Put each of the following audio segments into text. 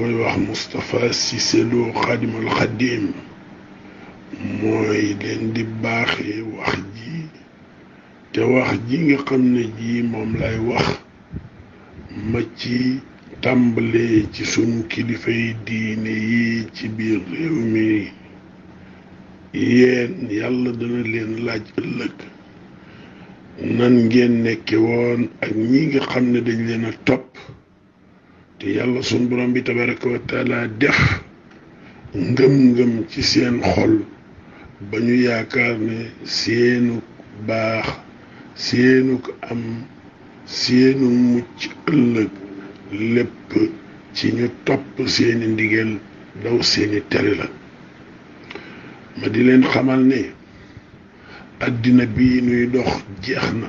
koy wax Moustapha siselo Lo Xadimal Xadim mooy leen di baaxee wax ji te wax ji nga xam ne ji moom lay wax ma ci tàmbalee ci sunu kilifay diine yi ci biir réew mi yéen yàlla dana leen laaj ëllëg nan ngeen nekke woon ak ñi nga xam ne dañ leen a topp te yàlla suñ borom bi tabaraka wa taala ngëm-ngëm ci seen xol ba ñu yaakaar ne seenuk baax seenuk am seenu mucc ëllëg lépp ci ñu topp seeni ndigal daw seeni tere la ma di leen xamal ne àddina bi nuy dox jeex na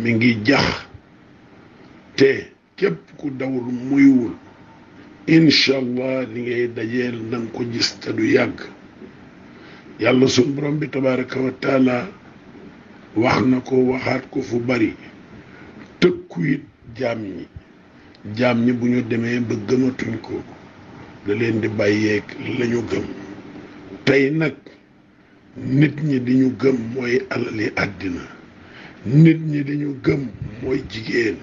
mi ngi jax te képp ku dawul muywul incha allah li ngay dajeel na ko gis te du yàgg yàlla suñ borom bi tabaraka wa taala wax na ko waxaat ko fu bari tëkku it jaam ñi jaam ñi bu ñu demee ba gëmatuñ ko da leen di bàyyeeg lañu gëm tey nag nit ñi di ñu gëm mooy alali àddina nit ñi di ñu gëm mooy jigéen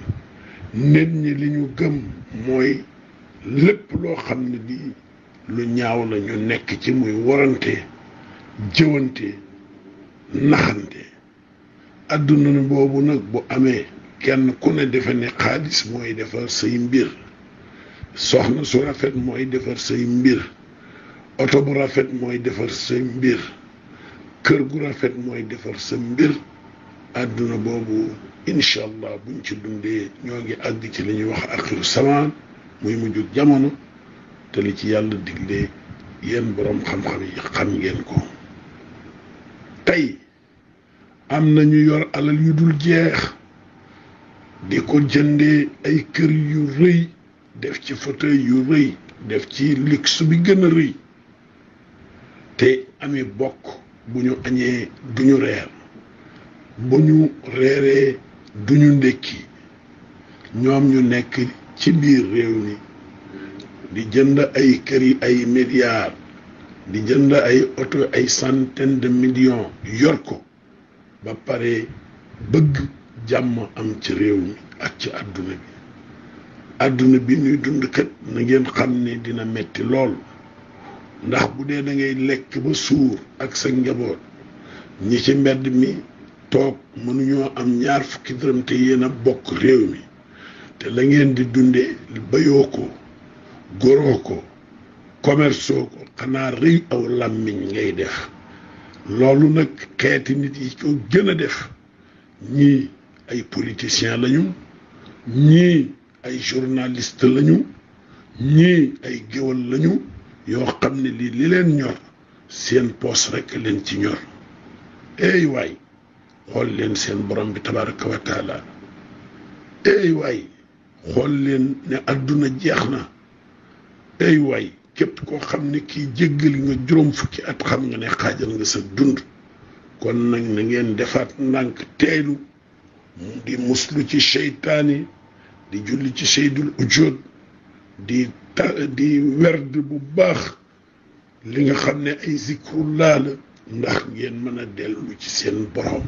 nit ñi li ñu gëm mooy lépp loo xam ne lii lu ñaaw lañu nekk ci muy warante jëwante naxante adduna boobu nag bu amee kenn ku ne defe ne xaalis mooy defar say mbir soxna su rafet mooy defar say mbir oto bu rafet mooy defar say mbir kër gu rafet mooy defar sa mbir àdduna boobu incha allah buñ ci dundee ñoo ngi àgg ci lañuy ñuy wax axiru samaan muy mujj jamono te li ci yàlla digle yéen boroom xam-xam xam ngeen ko tey am na ñu yor alal yu dul jeex di ko jëndee ay kër yu rëy def ci fauteuil yu rëy def ci luxe bi gën rëy te amee bokk bu ñu añee du ñu reer bu ñu reeree duñu ndékki ñoom ñu nekk ci biir réew mi di jënd ay kër ay milliards di jënd ay oto ay centaine de millions yor ko ba pare bëgg jàmm am ci réew mi ak ci àdduna bi àdduna bi ñuy dund kat na xam ne dina metti lool ndax bu dee dangay lekk ba suur ak sa njaboot ñi ci mbedd mi toog mënuñoo am ñaar fukki dërëm te yéen a bokk réew mi te la ngeen di dunde bayoo ko goroo ko commerceoo ko xanaa rëy aw làmmiñ ngay def loolu nag xeeti nit yi ko gën a def ñii ay politiciens lañu ñii ay journaliste lañu ñii ay géwal lañu yoo xam ne lii li leen ñor seen poos rekk leen ci ñor eey waay xool leen seen borom bi tabaraka wa taala xool leen ne àdduna jeex na ey waay képp koo xam ne kii jéggal nga juróom fukki at xam nga ne xaajal nga sa dund kon nag na ngeen defaat ndànk teelu di muslu ci seytaani di julli ci seydul ujood di ta di werd bu baax li nga xam ne ay zikrullah la ndax ngeen mën a dellu ci seen borom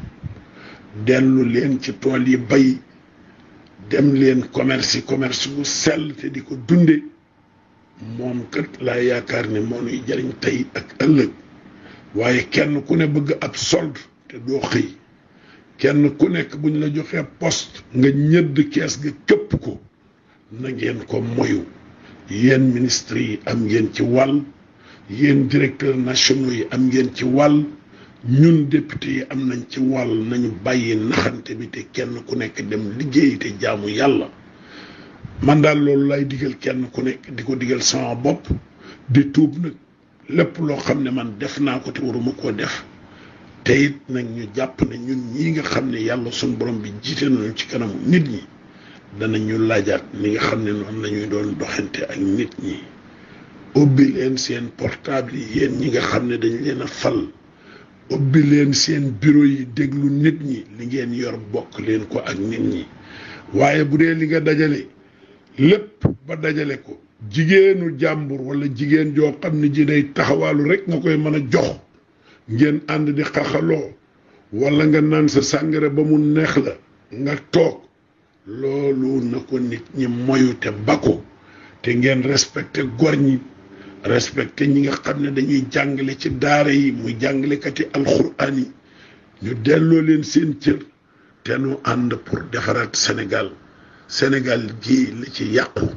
dellu leen ci tool yi bay dem leen commerce commerce bu sell te di ko dunde moom kat laa yaakaar ni moo nuy jariñ tey ak ëllëg waaye kenn ku ne bëgg ab solde te doo xëy kenn ku nekk buñ la joxee poste nga ñëdd kees ga képp ko na ngeen ko moyu yéen ministre yi am ngeen ci wàll yéen directeurs nationaux yi am ngeen ci wàll ñun député yi am nañ ci wàll nañu bàyyi naxante bi te kenn ku nekk dem liggéey te jaamu yàlla man daal loolu lay digal kenn ku nekk di ko digal sama bopp di tuub nag lépp loo xam ne man def naa ko te waruma ko def te it nag ñu jàpp ne ñun ñii nga xam ne yàlla suñ borom bi jiite nañu ci kanamu nit ñi ñu laajaat ni nga xam ne noonu la doon doxante ak nit ñi ubbi leen seen portable yi yéen ñi nga xam ne dañ leen a fal ubbi leen seen bureau yi déglu nit ñi li ngeen yor bokk leen ko ak nit ñi waaye bu dee li nga dajale lépp ba dajale ko jigéenu jàmbur wala jigéen joo xam ne ji day taxawaalu rekk nga koy mën a jox ngeen ànd di xaxaloo wala nga naan sa sàngara ba mu neex la nga toog loolu na ko nit ñi moyu te bako te ngeen respecté gor ñi respecté ñi nga xam ne dañuy jàngale ci daara yi muy jàngalekati alxuraan yi ñu delloo leen seen cër te nu ànd pour defaraat Sénégal senegal ji li ci yàqu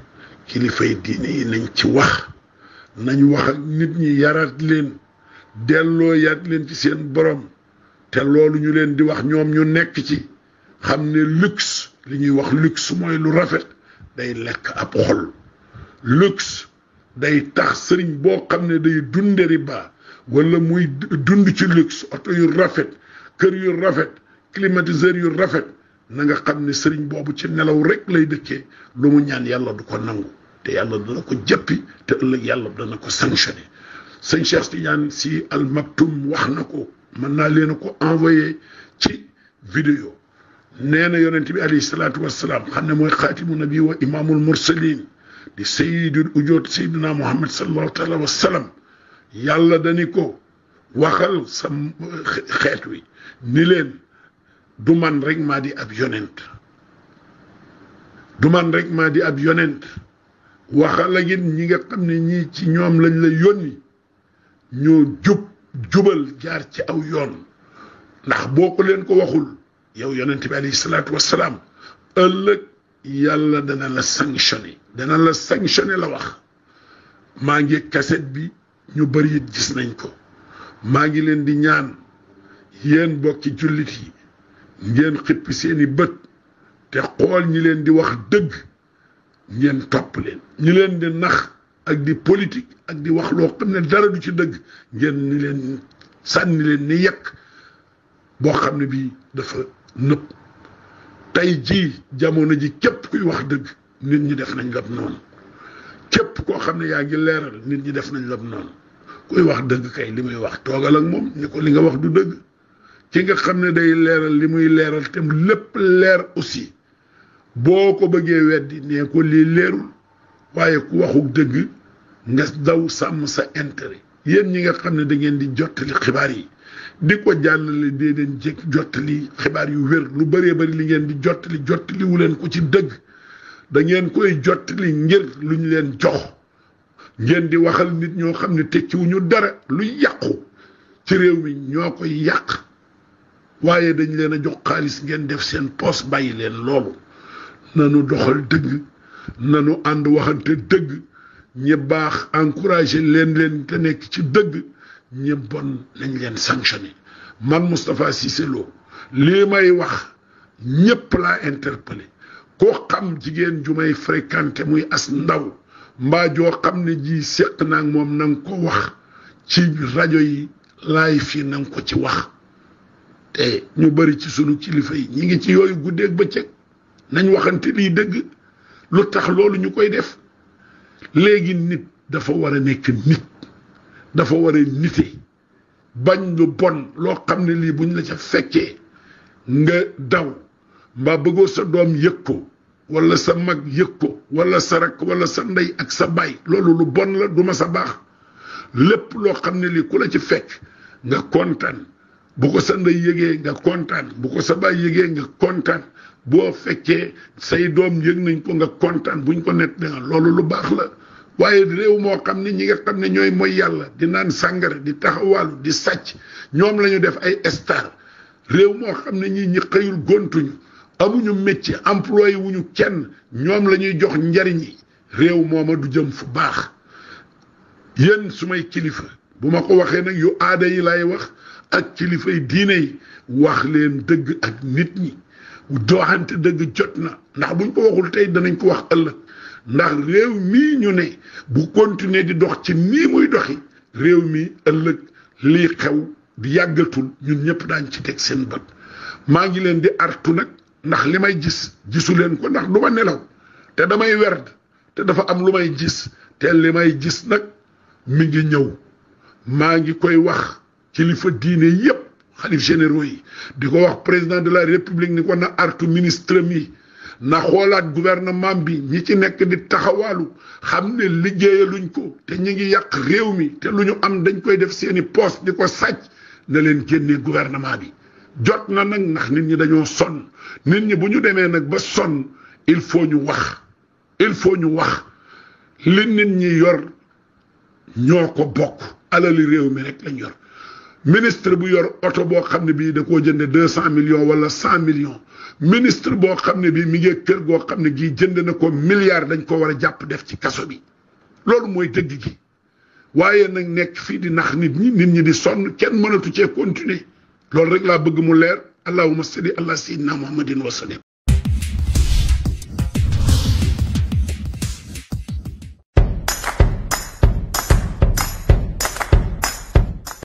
kilifay diine yi nañ ci wax nañ wax ak nit ñi yaraat leen delloo yaat leen ci seen borom te loolu ñu leen di wax ñoom ñu nekk ci xam ne luxe li ñuy wax luxe mooy lu rafet day lekk ab xol day tax sëriñ boo xam ne day dunde riba wala muy dund ci luxe oto yu rafet kër yu rafet climatiseur yu rafet na nga xam ne sëriñ boobu ci nelaw rek lay dëkkee lu mu ñaan yàlla du ko nangu te yàlla dana ko jëppi te ëllëg yàlla dana ko sanctionné sëñ Cheikh Tidiane si Al wax na ko mën naa leen ko envoyé ci vidéo nee na yonent bi alayhi salaatu wassalaam xam ne mooy xaatimu nabi wa imaamul mursalin di sayyidul ujoot sayyidina muhammad sallallahu taala wa sallam yàlla dani ko waxal sa xeet wi ni leen du man rek maa di ab yonent du rek maa di ab yonent waxal ak it ñi nga xam ne ñii ci ñoom lañ la yónni ñoo jub jubal jaar ci aw yoon ndax boo ko leen ko waxul yow yonent bi alayhi salaatu wa salaam ëllëg yàlla dana la sanctionné dana la sanctionné la wax maa ngi kaset bi ñu bëri it gis nañ ko maa ngi leen di ñaan yéen bokki jullit yi ngeen xippi seeni bët te xool ñi leen di wax dëgg ngeen topp leen ñi leen di nax ak di politique ak di wax loo xam ne dara du ci dëgg ngeen ñi leen sànni leen ni yekk boo xam ne bi dafa nëpp tey ji jamono ji képp kuy wax dëgg nit ñi def nañ lab noonu képp koo xam ne yaa ngi leeral nit ñi def nañ lab noonu kuy wax dëgg kay li muy wax toogal moom ni ko li nga wax du dëgg ki nga xam ne day leeral li muy leeral te lépp leer aussi boo ko bëggee weddi nee ko lii leerul waaye ku waxuk dëgg nga daw sàmm sa intere yéen ñi nga xam ne dangeen di jottali xibaar yi di ko jàllale dee leen jég jottali xibaar yu wér lu bëree bëri li ngeen di jottali jottali wu leen ko ci dëgg dangeen koy jottali ngir lu ñu leen jox ngeen di waxal nit ñoo xam ne tekkiwuñu dara lu yàqu ci réew mi ñoo koy yàq waaye dañ leen a jox xaalis ngeen def seen poos bàyyi leen loolu nu doxal dëgg nanu ànd waxante dëgg ñi baax encouragé leen leen te nekk ci dëgg ñi bon nañ leen sanctionné man Moustapha Cissé lii may wax ñépp laa interpellé koo xam jigéen ju may fréquenté muy as ndaw mbaa joo xam ne ji séq naag moom na ko wax ci rajo yi lay fii na ko ci wax te ñu bari ci sunu kilifa yi ñu ngi ci yooyu guddeeg bëccëg nañ waxante lii dëgg lu tax loolu ñu koy def léegi nit dafa war a nekk nit dafa war a nite bañ lu bon loo xam ne lii buñ la ca fekkee nga daw mbaa bëggoo sa doom yëg ko wala sa mag yëg ko wala sa rakk wala sa ndey ak sa baay loolu lu bon la du ma sa baax lépp loo xam ne lii ku la ci fekk nga kontaan bu ko sa ndey yëgee nga kontaan bu ko sa baay yëgee nga kontaan boo fekkee say doom yëg nañ ko nga kontaan buñ ko nett loolu lu baax la. waaye réew moo xam ne ñi nga xam ne ñooy mooy yàlla di naan sàngara di taxawaalu di sàcc ñoom lañu def ay star réew moo xam ne ñii ñi xëyul gontuñu amuñu métier employé wuñu kenn ñoom lañuy jox njariñ yi réew mooma du jëm fu baax yéen su may kilifa bu ma ko waxee nag yu aada yi lay wax ak kilifay diine yi wax leen dëgg ak nit ñi dooxante dëgg jot na ndax buñ ko waxul tey dinañ ko wax ëllëg ndax réew mii ñu ne bu continuer di dox ci nii muy doxi réew mi ëllëg lii xew di yàggatul ñun ñëpp daañ ci teg seen bët maa ngi leen di artu nag ndax li may gis gisu leen ko ndax du ma nelaw te damay werd te dafa am lu may gis te li may gis nag mi ngi ñëw maa ngi koy wax kilifa diine yépp xalif généraux yi di ko wax président de la république ni ko na artu ministre mii na xoolaat gouvernement bi ñi ci nekk di taxawaalu xam ne liggéeyaluñ ko te ñi ngi yàq réew mi te lu ñu am dañ koy def seeni poste di ko sàcc na leen génnee gouvernement bi jot na nag ndax nit ñi dañoo sonn nit ñi bu ñu demee nag ba sonn il faut ñu wax il faut ñu wax li nit ñi yor ñoo ko bokk alali réew mi rek lañ yor ministre bu yor oto boo xam ne bii da koo jënde deux cent millions wala cent millions ministre boo xam ne bii mi ngi kër goo xam ne gii jënd na ko milliard dañ ko war a jàpp def ci kaso bi loolu mooy dëgg gi waaye nag nekk fii di nax nit ñi nit ñi di sonn kenn mënatu cee continuer loolu rek laa bëgg mu leer allahumma salli ala sayyidina muhammadin wa sallim